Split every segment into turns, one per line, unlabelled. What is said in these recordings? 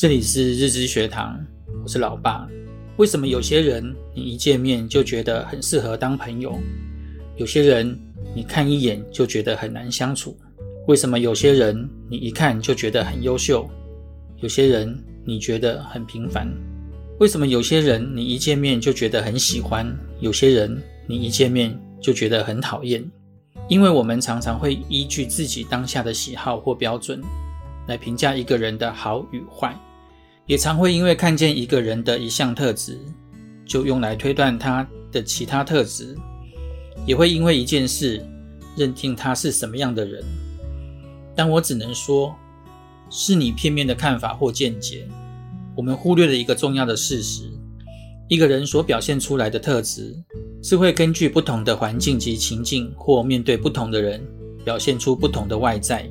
這裡是日知學堂，我是老爸。為什麼有些人你一見面就覺得很適合當朋友？有些人你看一眼就覺得很難相處？為什麼有些人你一看就覺得很優秀？有些人你覺得很平凡？為什麼有些人你一見面就覺得很喜歡？有些人你一見面就覺得很討厭？因為我們常常會依據自己當下的喜好或標準來評價一個人的好與壞。也常會因為看見一個人的一項特質，就用來推斷他的其他特質；也會因為一件事，認定他是什麼樣的人。但我只能說，是你片面的看法或見解。我們忽略了一個重要的事實：一個人所表現出來的特質，是會根據不同的環境及情境，或面對不同的人，表現出不同的外在。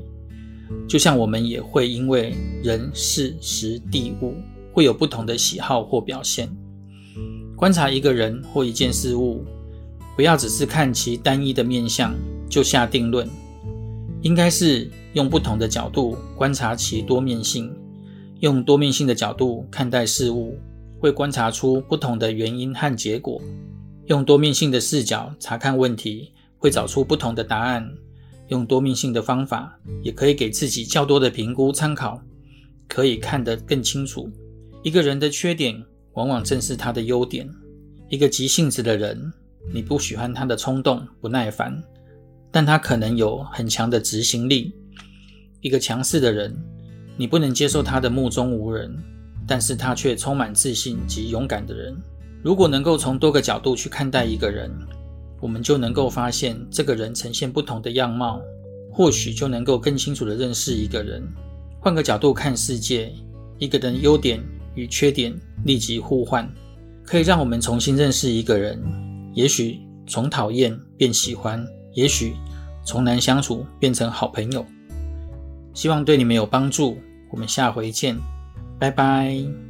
就像我們也會因為人事時地物，會有不同的喜好或表現。觀察一個人或一件事物，不要只是看其單一的面向，就下定論，應該是用不同的角度觀察其多面性，用多面性的角度看待事物，會觀察出不同的原因和結果。用多面性的視角查看問題，會找出不同的答案。用多面性的方法，也可以給自己較多的評估參考，可以看得更清楚。一個人的缺點，往往正是他的優點。一個急性子的人，你不喜歡他的衝動、不耐煩，但他可能有很強的執行力。一個強勢的人，你不能接受他的目中無人，但是他卻充滿自信及勇敢的人。如果能夠從多個角度去看待一個人，我們就能夠發現這個人呈現不同的樣貌，或許就能夠更清楚地認識一個人。換個角度看世界，一個人的優點與缺點立即互換，可以讓我們重新認識一個人。也許從討厭變喜歡，也許從難相處變成好朋友。希望對你們有幫助。我們下回見，拜拜。